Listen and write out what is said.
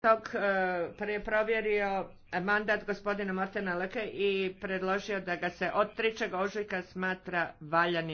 tog e, prije provjerio mandat gospodina Martina Leke i predložio da ga se od 3. ožujka smatra valjanim